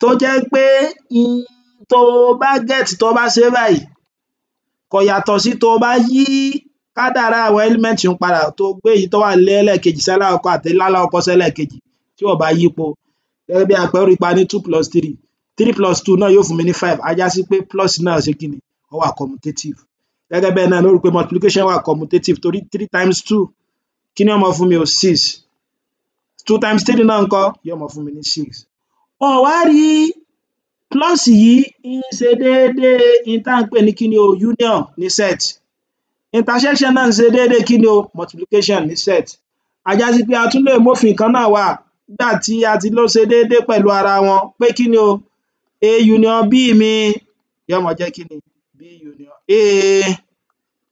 tó jẹ́ pé tó bá get tó bá ṣe báyìí kò yàtọ̀ sí tó bá yí kádàrá àwọn ẹ́límẹ́ǹtì ń padà tó gbé èyí tó wà lẹ́lẹ́kejì sẹ́lá ọkọ àti lálá ọkọ sẹ́lẹ̀kejì tí ò bá yípo gẹ́gẹ́ bí àpẹẹrẹ ipa ní two plus three three plus two náà yóò fún mi ní five á já sí pé plus náà ṣe kí ni ó wà commutative gẹ́gẹ́ bẹ́ẹ̀ náà ló rí pé multiplication wà commutative torí three times two kí ni ó fún mi o six two times three náà ńkọ́ yóò máa fún mi ní six ọ̀ wá rí plus yìí ń ṣe déédéé in tá à ń pè ní kí ni o union ní set intersection náà ń ṣe déédéé kí ni o multiplication ní set a já sí pé a tún lè mófin kan náà wà nígbà tí a ti lọ ṣe déédé pẹ̀lú ara wọn pé kí ni o A union B mi yóò mọ jẹ́ kí ni B union A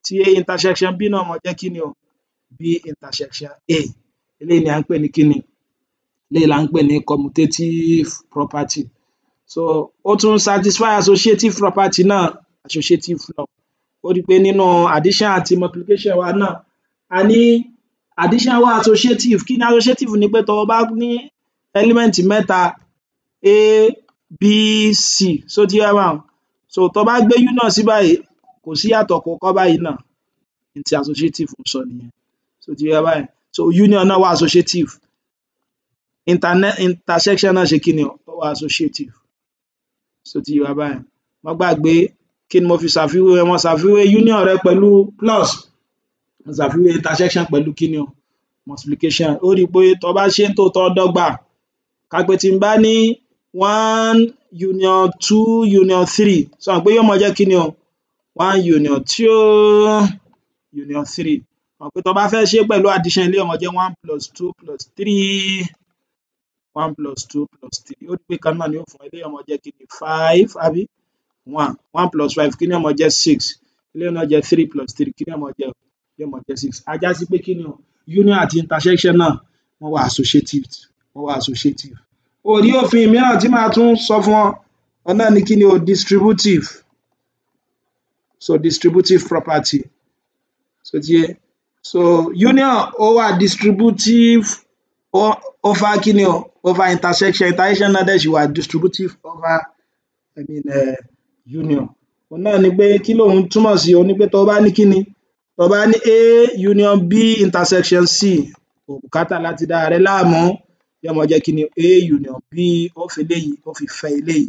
tí A intersection B náà mọ jẹ́ kí ni o B intersection A eléyìí ni à ń pè ní kí ni eléyìí là ń pè ní commutative property so ó tún satisfy associative property náà associative law ó rí i pé nínú addition àti multiplication wa náà a ní Addition wa associative. Kí ni associative ni pé tó o bá ní element mẹ́ta A, B, C, So ti yé báhun? So tó o bá gbé U náà sí báyìí kò síyàtọ̀ kó kọ́ báyìí náà. Ohun tí associative ń sọ nìyẹn. Ṣó ti yé báyẹn? So union náà wà associative. Intersection náà ṣe kí ni o? wà associative. So ti yé wa báyẹn? Má gbàgbé kí ni mo fi ṣàfiwé wọn? ṣàfiwé union rẹ pẹ̀lú plus mo ṣàfiwé intersection pẹ̀lú kíni o multiplication ó rí i pé tó bá ṣe ń tó dọ́gba ká pé tí n bá ní one union two union three sọ pé yóò mọ jẹ́ kíni o one union two union three mọ̀ pé tó bá fẹ́ ṣe pẹ̀lú addition ilé ọmọ jẹ́ one plus two plus three one plus two plus three ó rí i pé kan náà ni ó fún ilé ọmọ jẹ́ kíni five àbí one one plus five kíni ọmọ jẹ́ six ilé náà jẹ́ three plus three kíni ọmọ jẹ́ yóò mọ jẹ́ six ajá sí pé kí ni o union àti intersection náà wọ́n wà associative wọ́n wà associative òrí òfin mìíràn tí màá tún sọ fún ọ ọ̀nà ni kí ni o distributive so distributive property so tiẹ̀ so union ó wà distributive over kí ni o over intersection intersection náà dẹ̀ sì wà distributive over I mean uh, union òun náà ni pé kí lòun túmọ̀ sí òun ni pé tó bá ní kí ni tó bá ní a union b intersection c kò bùkátà láti dára rẹ láàmú yóò máa jẹ́ kí ni a union b ó fi eléyìí ó fi fẹ́ eléyìí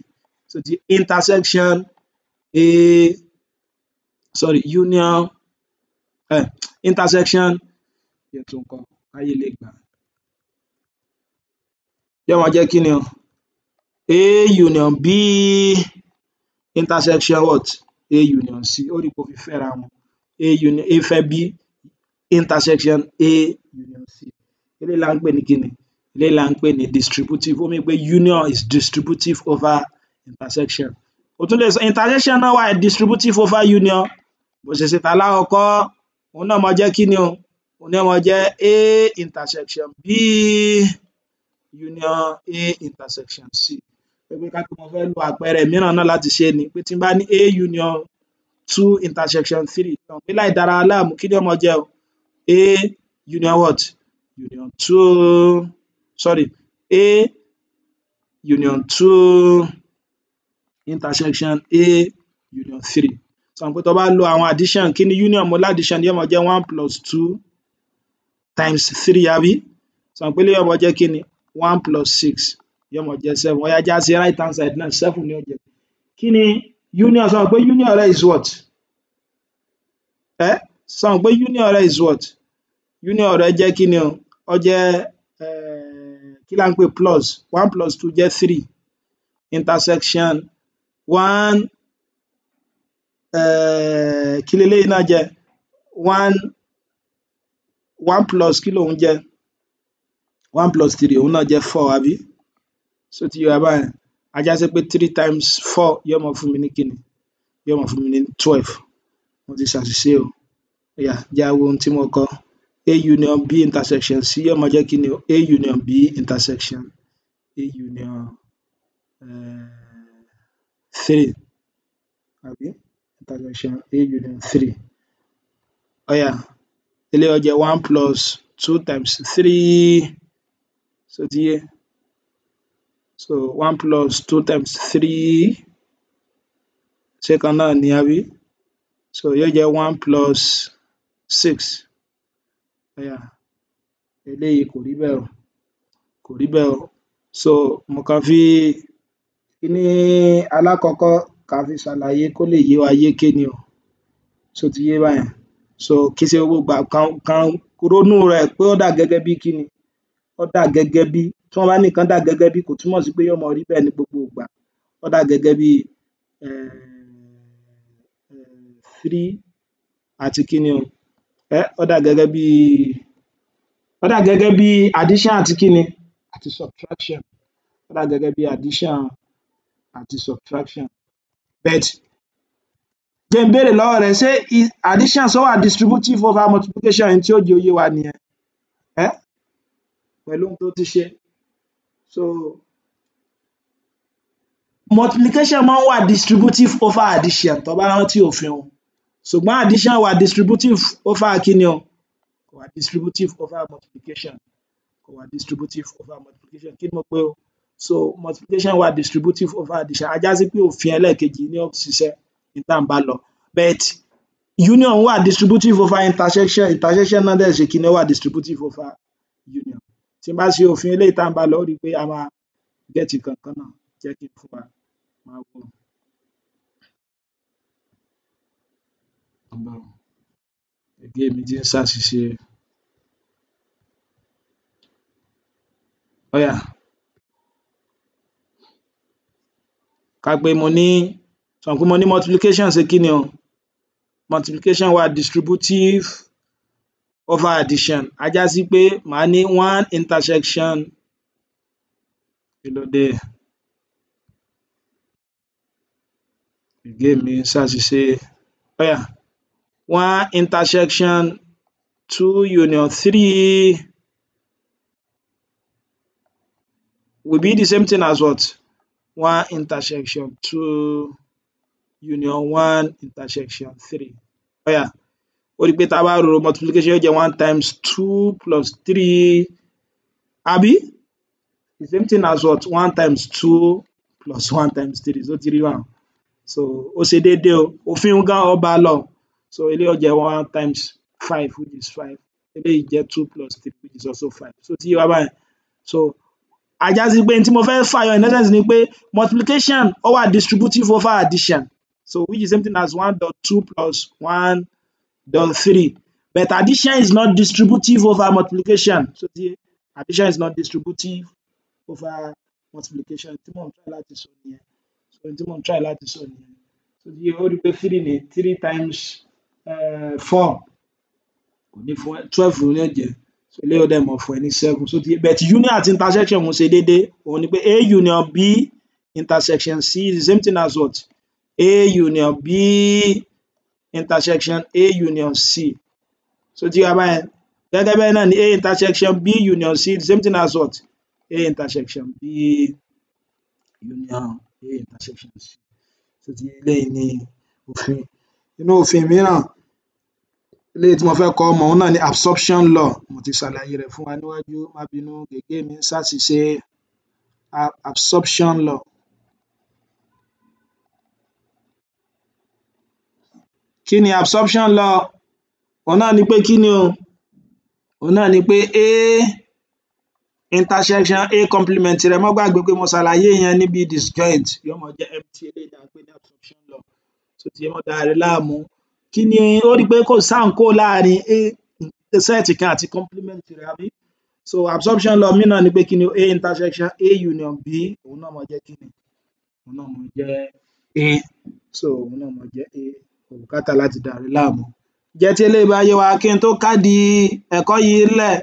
so ti intersection a sorry union eh, intersection yẹ tó nǹkan káyé lè gbà yóò máa jẹ́ kí ni a union b intersection what a union c ó rí i pé fi fẹ́ra wọn a union a fẹ́ b intersection a union c eléyìí là ń pè ní kíni eléyìí là ń pè ní distributive ó mi pé union is distributive over intersection o tún lè sọ intersection náà wà distributive over union bó ṣe ṣe tàlákọ̀ọ́kọ́ òun náà mọ jẹ́ kíni o òun náà mọ jẹ́ a intersection b union a intersection c pé ká tó mo fẹ́ lo àpẹẹrẹ mìíràn náà láti ṣe ni pé tí n bá ní a union two intersection three láì dára wa láàmú kí ni ó jẹ́ o a union what union two sorry a union two intersection a union three sọ pé tó bá lo àwọn addition kí ni union mo láddition yóò máa jẹ́ one plus two times three àbí sọ pé yóò máa jẹ́ kí ni one plus six yóò máa jẹ́ seven ó yá já sí right hand side náà seven ni ó jẹ́ kí ni union sọ pé union rẹ̀ is what ẹ́ sọ pé union rẹ̀ is what union rẹ̀ jẹ́ kí ni o ọ jẹ́ kí là ń pè plus one plus two jẹ́ three intersection one kí leléyìí náà jẹ́ one one plus kí lòun jẹ́ one plus three òun náà jẹ́ four àbí so ti yọ abáyẹn á já sí pé three times four yóò máa fún mi ní kíni yóò máa fún mi ní twelve mo ti ṣàṣìṣe o ẹ̀yà já wo ohun tí mo kọ a union b intersection c yóò máa jẹ́ kíni o a union b intersection a union eh, three àbí intersection a union three ọ̀yà eléyọ̀ jẹ́ one plus two times three so ti yé so one plus two times three ṣé kan náà so yóò jẹ́ one plus six ọ̀yà eléyìí kò rí bẹ́ẹ̀ o kò so mo kàn ala koko kafi kà fi ṣàlàyé kó lè yé wa yéké o ṣó ti yé báyẹn so kì í ṣe gbogbo ìgbà kan kan ronú rẹ̀ pé ó dà gẹ́gẹ́ bí kíni ó dà gẹ́gẹ́ bí tí wọ́n bá ní nǹkan dà gẹ́gẹ́ bí kò túmọ̀ sí pé yóò mọ rí bẹ́ẹ̀ ní gbogbo ìgbà ó dà gẹ́gẹ́ bí three àti kíni o um ó dà gẹ́gẹ́ bí ó dà gẹ́gẹ́ bí addition àti kíni àti subtraction ó dà gẹ́gẹ́ bí addition àti subtraction but jẹ́ n béèrè lọ́wọ́ rẹ ṣé addition so wà distributive over multiplication ohun tí ó jẹ́ ó yé wa nìyẹn um pẹ̀lú ohun tó ti ṣe So multiplication máa ń wà distributive over addition tán bá rántí òfin o ṣùgbọ́n addition wà distributive over kíni o kò wà distributive over multiplication kò wà distributive over multiplication kí ni mo pè o so multiplication wà distributive over addition ajá sí pé òfin ẹlẹ́ẹ̀kejì ni ó ṣiṣẹ́ ní tá à ń bá lọ but union wà distributive over intersection intersection náà dẹ̀ ṣe kíni ó wà distributive over union tí n bá ṣe òfin eléyìí tá à ń bá lọ ó rí i pé a máa gẹ́ẹ̀tì kankan náà jẹ́ kí n fún wa máa wò ó. mi ti ń ṣàṣìṣe óyá ká pé mo ní sọ mo ní multiplication ṣe kí ni o multiplication wa distributive over addition á já sí pé màá ní one intersection kí ló dé ìgé mi ṣàṣìṣe ọ̀yà one intersection two union three will be the same thing as what one intersection two union one intersection three ọ̀yà. Oh, yeah ó rí i pé tá a bá ro multiplication yóò jẹ́ one times two plus three àbí the same thing as what one times two plus one times three so ti rí báwọn so ó ṣe déédéé o òfin gan ọba lọ so eléyìí ó one times five which is five eléyìí jẹ́ two plus three which is also five so ti yé wa báyìí so ajá sí pé tí mo fẹ́ fàyọ in essence ni pé multiplication ó distributive over addition so which is same thing as one dot two plus one done three, But addition is not distributive over multiplication. So the addition is not distributive over multiplication. Tí try láti sọ So tí try láti sọ So the ó rí pé 3 ni times uh, eh, 4 kò ní fún ẹ 12 So eléyìí them dẹ̀ mọ̀ fún ẹ So the but union àti intersection ń say they Òun ni pé A union B intersection C is the same thing as what? A union B intersection A union C so ti yára báyẹn gẹ́gẹ́ bẹ́ẹ̀ náà ni A intersection B union C the same thing as what A intersection B union A intersection C so ti eléyìí ni òfin inú òfin mìíràn eléyìí tí mo fẹ́ kọ́ ọmọ òun náà ni absorption law mo ti ṣàlàyé rẹ̀ fún wa níwájú má bínú gègé mi ń ṣàṣìṣe absorption law Kí ni absorption law? Òhun náà ni pé kí ni o? Òhun náà ni pé A intersection A complement rẹ̀ ẹ má gbàgbé pé mo ṣàlàyé ìyẹn níbi disjoint yóò máa jẹ́ empty eléyìí tí à ní absorption law ṣó ti yé ẹ má dàra yín láàmú. Kí ni ó rí i pé kò sáǹkóò láàrin A set kan àti complement rẹ̀ àbí? So absorption law mìíràn ni pé kí ni o? A intersection A union B òhun náà máa jẹ́ kí ni? Òhun náà máa jẹ́ A. So òhun náà máa jẹ́ A kò bùkátà láti dà rẹ láàmú. Ǹjẹ́ tí eléyìí bá yé wa kí n tó kádìí ẹ̀kọ́ yìí ńlẹ̀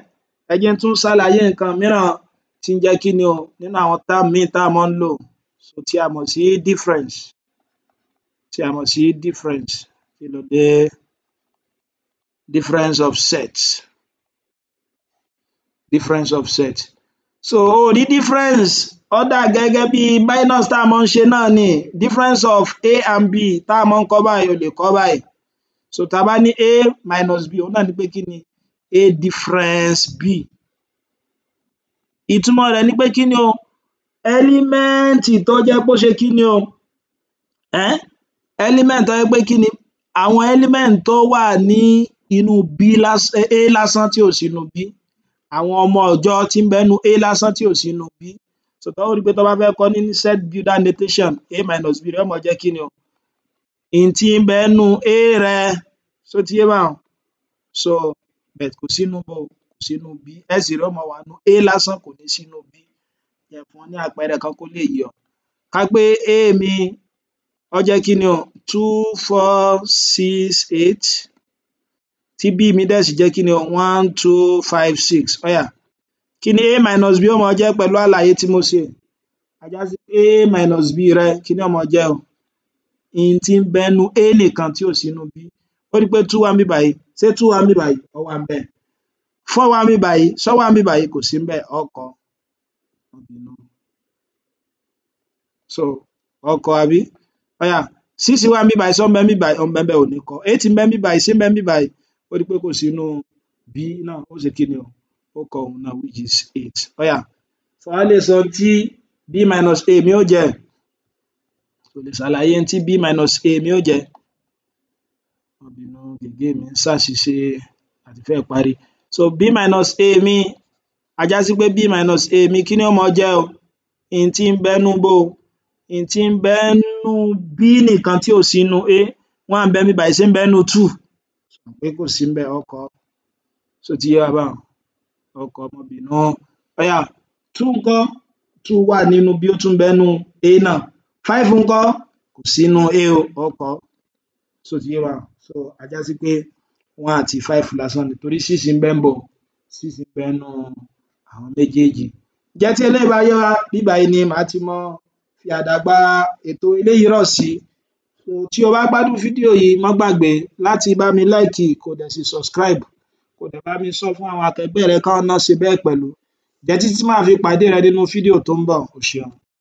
ẹ jẹ́ tún ṣàlàyé nǹkan mìíràn tí ń jẹ́ kíni o nínú àwọn term míì tá mọ́ ń lò tí a mọ̀ sí difference tí a mọ̀ sí difference kí ló dé difference of set difference of set so ó rí difference ó dà gẹ́gẹ́ bí Binance tá a mọ̀ ń ṣe náà ni difference of A and B tá a mọ̀ ń kọ báyìí o lè kọ báyìí so tá a bá ní A minus B òun náà ni pé kí ni A difference B ìtumọ̀ rẹ̀ ni pé kí ni o ẹ́límẹ́ǹtì tó jẹ́ pé ó ṣe kí ni o ẹ́n ẹ́límẹ́ǹtì tó jẹ́ pé kí ni àwọn ẹ́límẹ́ǹtì tó wà ní inú B lásán A lásán tí ò sínú B àwọn ọmọ ọ̀jọ́ tí ń bẹ́nu A lásán tí ò sínú B so tó ó rí i pé tó bá fẹ́ kọ́ ní set builder notation a minus b rẹ yóò mọ jẹ́ kí ni o n ń bẹ nú a rẹ so ti yé báwọn so bet kò sínú bò kò sínú b s rẹ yóò wà nú a lásán kò ní sínú b yẹn fún ní àpẹẹrẹ kan kó lè yọ ká pé a mi ó jẹ́ kí ni o two four six eight tí b mi dẹ̀ sì jẹ́ kí ni o one two five six ó yá. Oh, yeah. Kí ni a minus b ó máa jẹ́ pẹ̀lú àlàyé tí mo ṣe? A a minus b rẹ kí ni yóò máa o? Ohun tí ń bẹ a nìkan tí ò sí nínú b. Ó rí i pé two wà níbí báyìí, ṣé two wà níbí báyìí? Ó wà ńbẹ̀. Four wà níbí báyìí, ṣé ó wà níbí báyìí? Kò sí ńbẹ̀, o ó So o kọ àbí? Ó yá six wà níbí báyìí, ṣé ó ń bẹ níbí báyìí? Ó ń bẹ ńbẹ̀, o ò ní kọ. Eight ń bẹ báyìí, ṣé ń bẹ báyìí? Ó rí pé kò sí b náà, ó ṣe kí ni o? ó kọ which is eight b minus a mi o je kò b minus a mi o je má bínú mi ń ṣàṣìṣe àti so b minus a mi a b minus a mi kini ni ó mọ o ohun tí ń bẹ́nú ti osinu a one ń bẹ two pé kò sí ọkọ̀ mọ bìnú óyá two ńkọ́? two wà nínú b ó tún ń a náà five ńkọ́? kò sí nínú a o ó kọ ti yé báhun so á já sí pé one àti five lásán ni torí six ń bẹ ńbò six ń bẹ nínú àwọn méjèèjì. Ǹjẹ́ tí eléyìí bá yé wa bíbàyí ni màá ti mọ fi àdàgbà ètò eléyìí rọ̀ sí tí o bá gbádùn fídíò yìí má gbàgbé láti bá mi like kó dẹ̀ si subscribe kò dẹ̀ bá mi sọ fún àwọn akẹgbẹ́ rẹ kí náà ṣe bẹ́ẹ̀ pẹ̀lú. Jẹ́ títí tí fi pàdé rẹ nínú fídíò tó ń bọ̀, o ṣeun.